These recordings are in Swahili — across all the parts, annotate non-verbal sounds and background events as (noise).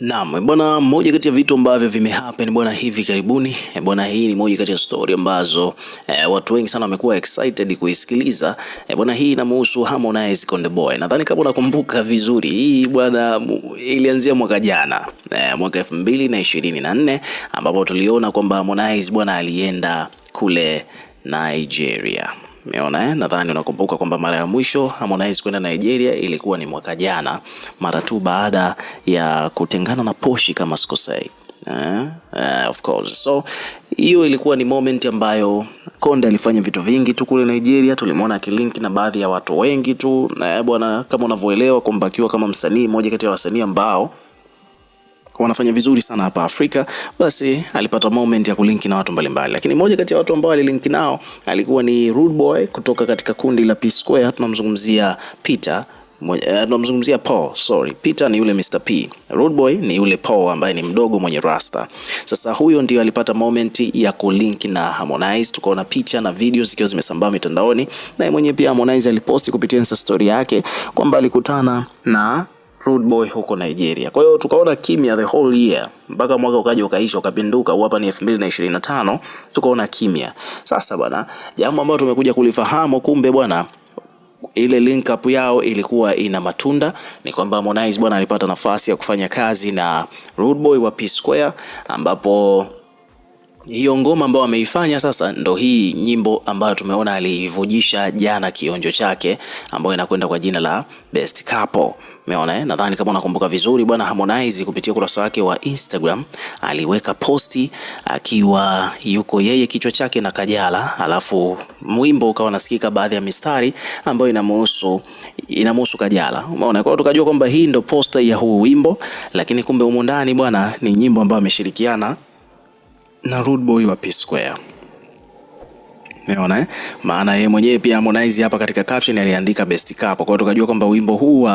Naam, bwana, moja kati ya vitu ambavyo vimehappen bwana hivi karibuni eh, bwana, hii ni moja kati ya story ambazo e, watu wengi sana wamekuwa excited kuisikiliza e, bwana, hii inamuhusu Harmonize Konde Boy. Nadhani kama unakumbuka vizuri, hii bwana ilianzia mwaka jana e, mwaka elfu mbili na ishirini na nne ambapo tuliona kwamba Harmonize bwana alienda kule Nigeria. Umeona eh? Nadhani unakumbuka kwamba mara ya mwisho Harmonize kwenda Nigeria ilikuwa ni mwaka jana, mara tu baada ya kutengana na Poshi kama sikosei. Uh, uh, of course. So hiyo ilikuwa ni moment ambayo Konde alifanya vitu vingi tu kule Nigeria, tulimwona akilink na baadhi ya watu wengi tu eh, bwana, kama unavyoelewa kwamba akiwa kama msanii moja kati ya wasanii ambao wanafanya vizuri sana hapa Afrika, basi alipata moment ya kulinki na watu mbalimbali, mbali. lakini moja kati ya watu ambao alilinki nao alikuwa ni Rude Boy kutoka katika kundi la P Square. Tunamzungumzia Peter eh, tunamzungumzia Paul, sorry. Peter ni yule Mr. P, Rude Boy ni yule Paul ambaye ni mdogo mwenye rasta. Sasa huyo ndio alipata moment ya kulink na Harmonize, tukaona picha na video zikiwa zimesambaa mitandaoni, naye mwenyewe pia Harmonize aliposti kupitia Insta story yake kwamba alikutana na Rude Boy huko Nigeria. Kwa hiyo tukaona kimya the whole year mpaka mwaka ukaja ukaisha ukapinduka, hapa ni 2025 tukaona kimya. Sasa bwana, jambo ambalo tumekuja kulifahamu kumbe bwana ile link up yao ilikuwa ina matunda, ni kwamba Harmonize bwana alipata nafasi ya kufanya kazi na Rude Boy wa P Square ambapo hiyo ngoma ambayo ameifanya sasa ndo hii nyimbo ambayo tumeona alivujisha jana kionjo chake ambayo inakwenda kwa jina la Best Couple. Umeona eh? Nadhani kama unakumbuka vizuri bwana Harmonize kupitia ukurasa wake wa Instagram aliweka posti akiwa yuko yeye kichwa chake na Kajala, alafu mwimbo ukawa nasikika baadhi ya mistari ambayo inamhusu inamhusu Kajala. Umeona? Kwa hiyo tukajua kwamba hii ndo posta ya huu wimbo, lakini kumbe humo ndani bwana ni nyimbo ambayo ameshirikiana na Rude Boy wa P Square. Umeona eh? Maana yeye mwenyewe pia Harmonize hapa katika caption aliandika best cup. Kwa hiyo tukajua kwamba wimbo huu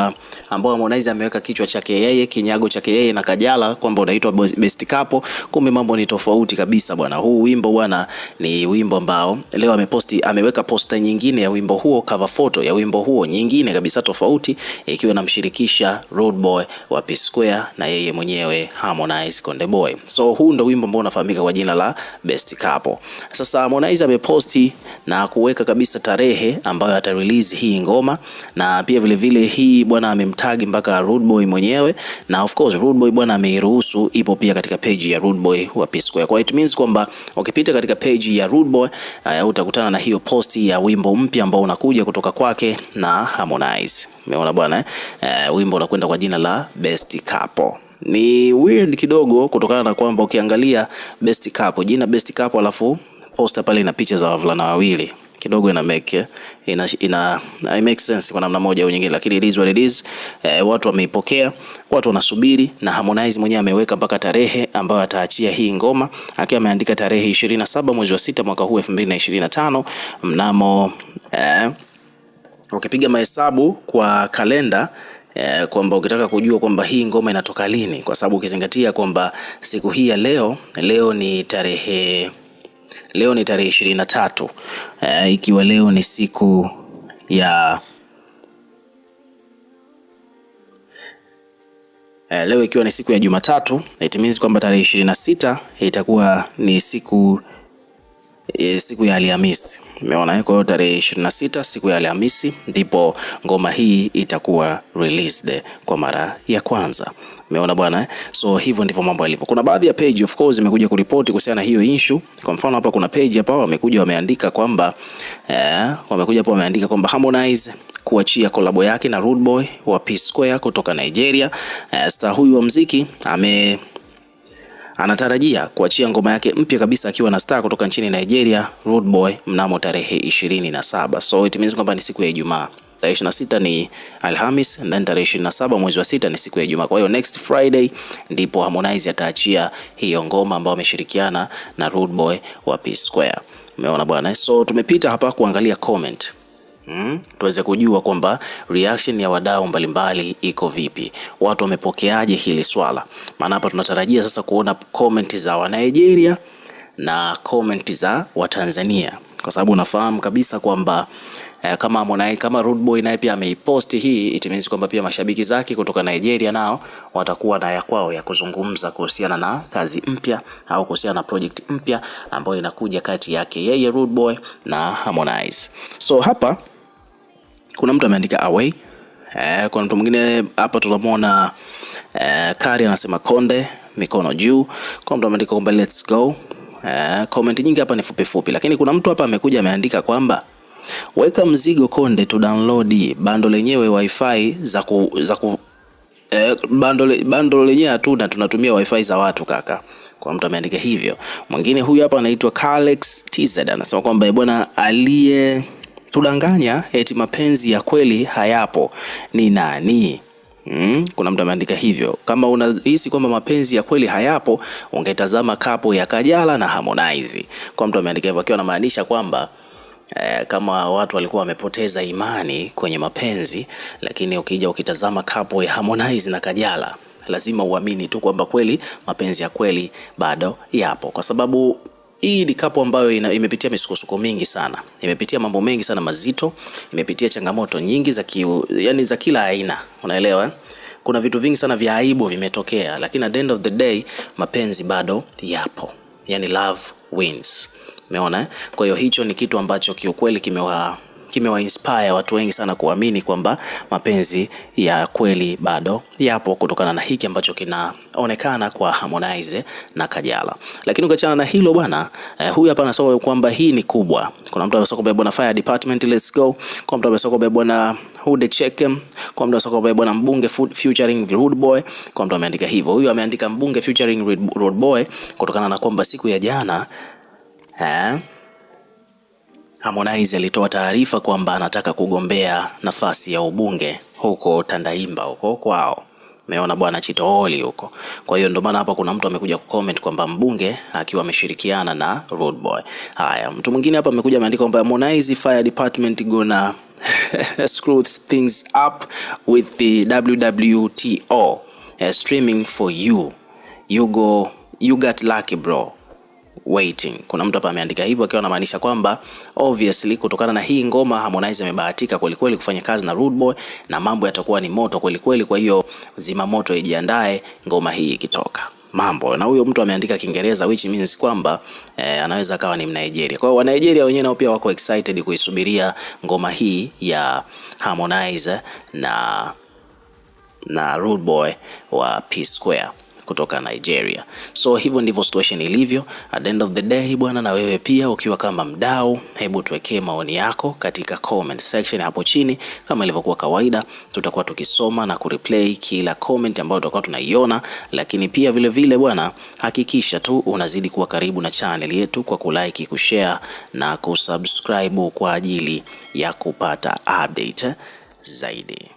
ambao Harmonize ameweka kichwa chake yeye, kinyago chake yeye na Kajala kwamba unaitwa best cup, kumbe mambo ni tofauti kabisa bwana. Huu wimbo bwana ni wimbo ambao leo ameposti, ameweka posta nyingine ya wimbo huo, cover photo ya wimbo huo nyingine kabisa tofauti, ikiwa namshirikisha Road Boy wa P Square na yeye mwenyewe Harmonize Konde Boy. So huu ndio wimbo ambao unafahamika kwa jina la best cup. Sasa Harmonize ameposti date na kuweka kabisa tarehe ambayo ata release hii ngoma, na pia vile vile hii bwana amemtag mpaka Rude Boy mwenyewe, na of course Rude Boy bwana ameiruhusu, ipo pia katika page ya Rude Boy wa P Square. Kwa it means kwamba ukipita katika page ya Rude Boy uh, utakutana na hiyo posti ya wimbo mpya ambao unakuja kutoka kwake na Harmonize. Umeona bwana eh? Uh, wimbo unakwenda kwa jina la Best Couple. Ni weird kidogo kutokana na kwamba ukiangalia Best Couple, jina Best Couple alafu poster pale ina picha za wavulana wawili kidogo ina make eh? ina, ina, ina make sense kwa namna moja au nyingine, lakini it is what it is. Eh, watu wameipokea, watu wanasubiri, na Harmonize mwenyewe ameweka mpaka tarehe ambayo ataachia hii ngoma akiwa ameandika tarehe 27 mwezi wa sita mwaka huu 2025 mnamo eh, ukipiga mahesabu kwa kalenda eh, kwamba ukitaka kujua kwamba hii ngoma inatoka lini, kwa sababu ukizingatia kwamba siku hii ya leo leo ni tarehe Leo ni tarehe ishirini na tatu eh, ikiwa leo ni siku ya uh, leo ikiwa ni siku ya Jumatatu it means kwamba tarehe ishirini na sita itakuwa ni siku e, siku ya Alhamisi. Umeona, eh, kwa hiyo tarehe 26 siku ya Alhamisi ndipo ngoma hii itakuwa released kwa mara ya kwanza. Umeona bwana eh? So hivyo ndivyo mambo yalivyo. Kuna baadhi ya page of course imekuja kuripoti kuhusiana na hiyo issue. Kwa mfano hapa kuna page hapa wamekuja wameandika kwamba eh, wamekuja hapa wameandika kwamba Harmonize kuachia kolabo yake na Rude Boy wa P Square kutoka Nigeria. Eh, star huyu wa muziki ame anatarajia kuachia ngoma yake mpya kabisa akiwa na star kutoka nchini Nigeria Rude Boy mnamo tarehe 27. saba. So it means kwamba ni siku ya Ijumaa tarehe 26 ni Alhamis na tarehe 27 mwezi wa sita ni siku ya Ijumaa. Kwa hiyo next Friday ndipo Harmonize ataachia hiyo ngoma ambayo ameshirikiana na Rude Boy wa P Square. Umeona bwana, eh? so tumepita hapa kuangalia comment Mm, tuweze kujua kwamba reaction ya wadau mbalimbali iko vipi, watu wamepokeaje hili swala. Maana hapa tunatarajia sasa kuona comment za wa Nigeria na comment za Watanzania, kwa sababu unafahamu kabisa kwamba eh, kama Harmonize kama Rude Boy naye pia ameipost hii, it means kwamba pia mashabiki zake kutoka Nigeria nao watakuwa na ya kwao ya kuzungumza kuhusiana na kazi mpya au kuhusiana na project mpya ambayo inakuja kati yake yeye Rude Boy na Harmonize. So hapa kuna mtu ameandika away eh, kuna mtu mwingine hapa tunamwona eh, Kari anasema konde mikono juu. Kuna mtu ameandika kwamba let's go. Eh, comment nyingi hapa ni fupi fupi, lakini kuna mtu hapa amekuja ameandika kwamba weka mzigo konde tu download bando lenyewe wifi za ku, za ku, eh, bando lenyewe hatuna, tunatumia wifi za watu kaka. Kwa mtu ameandika hivyo. Mwingine huyu hapa anaitwa Kalex TZ anasema kwamba eh, bwana aliye Tudanganya eti mapenzi ya kweli hayapo ni nani? Mm, kuna mtu ameandika hivyo. Kama unahisi kwamba mapenzi ya kweli hayapo, ungetazama kapo ya Kajala na Harmonize. Kwa mtu ameandika hivyo akiwa anamaanisha kwamba eh, kama watu walikuwa wamepoteza imani kwenye mapenzi, lakini ukija ukitazama kapo ya Harmonize na Kajala, lazima uamini tu kwamba kweli mapenzi ya kweli bado yapo kwa sababu hii ni kapu ambayo ina, imepitia misukosuko mingi sana, imepitia mambo mengi sana mazito, imepitia changamoto nyingi za kiu, yani za kila aina, unaelewa. Eh? Kuna vitu vingi sana vya aibu vimetokea, lakini at the end of the day mapenzi bado yapo, yani love wins, umeona eh? Kwa hiyo hicho ni kitu ambacho kiukweli kimewa kimewainspire watu wengi sana kuamini kwamba mapenzi ya kweli bado yapo kutokana na hiki ambacho kinaonekana kwa Harmonize na Kajala. Lakini ukiachana na hilo bwana, eh, huyu hapa anasema kwamba hii ni kubwa. Kuna mtu amesoka kwamba bwana fire department let's go. Kuna mtu amesoka kwamba bwana Hude Chekem, kwa mtu amesoka anasema bwana mbunge featuring Rude Boy, kwa mtu ameandika hivyo. Huyu ameandika mbunge featuring Rude Boy kutokana na kwamba siku ya jana eh Harmonize alitoa taarifa kwamba anataka kugombea nafasi ya ubunge huko Tandaimba huko kwao. Meona bwana Chitooli huko. Kwa hiyo ndio maana hapa kuna mtu amekuja kucomment kwamba mbunge akiwa ameshirikiana na Rude Boy. Haya, mtu mwingine hapa amekuja ameandika kwamba Harmonize Fire Department gonna (laughs) screw things up with the WWTO eh, streaming for you. You go you got lucky bro waiting. Kuna mtu hapa ameandika hivyo akiwa anamaanisha kwamba obviously kutokana na hii ngoma Harmonize amebahatika kweli kweli kufanya kazi na Rude Boy na mambo yatakuwa ni moto kweli kweli, kwa hiyo zima moto ijiandae ngoma hii ikitoka mambo na huyo mtu ameandika Kiingereza which means kwamba eh, anaweza akawa ni Mnigeria. Kwa hiyo Wanigeria wenyewe nao pia wako excited kuisubiria ngoma hii ya Harmonize na na Rude Boy wa P Square kutoka Nigeria. So hivyo ndivyo situation ilivyo. At the end of the day bwana, na wewe pia ukiwa kama mdau, hebu tuwekee maoni yako katika comment section hapo chini. Kama ilivyokuwa kawaida, tutakuwa tukisoma na kureplay kila comment ambayo tutakuwa tunaiona, lakini pia vile vile bwana, hakikisha tu unazidi kuwa karibu na channel yetu kwa kulike, kushare na kusubscribe kwa ajili ya kupata update zaidi.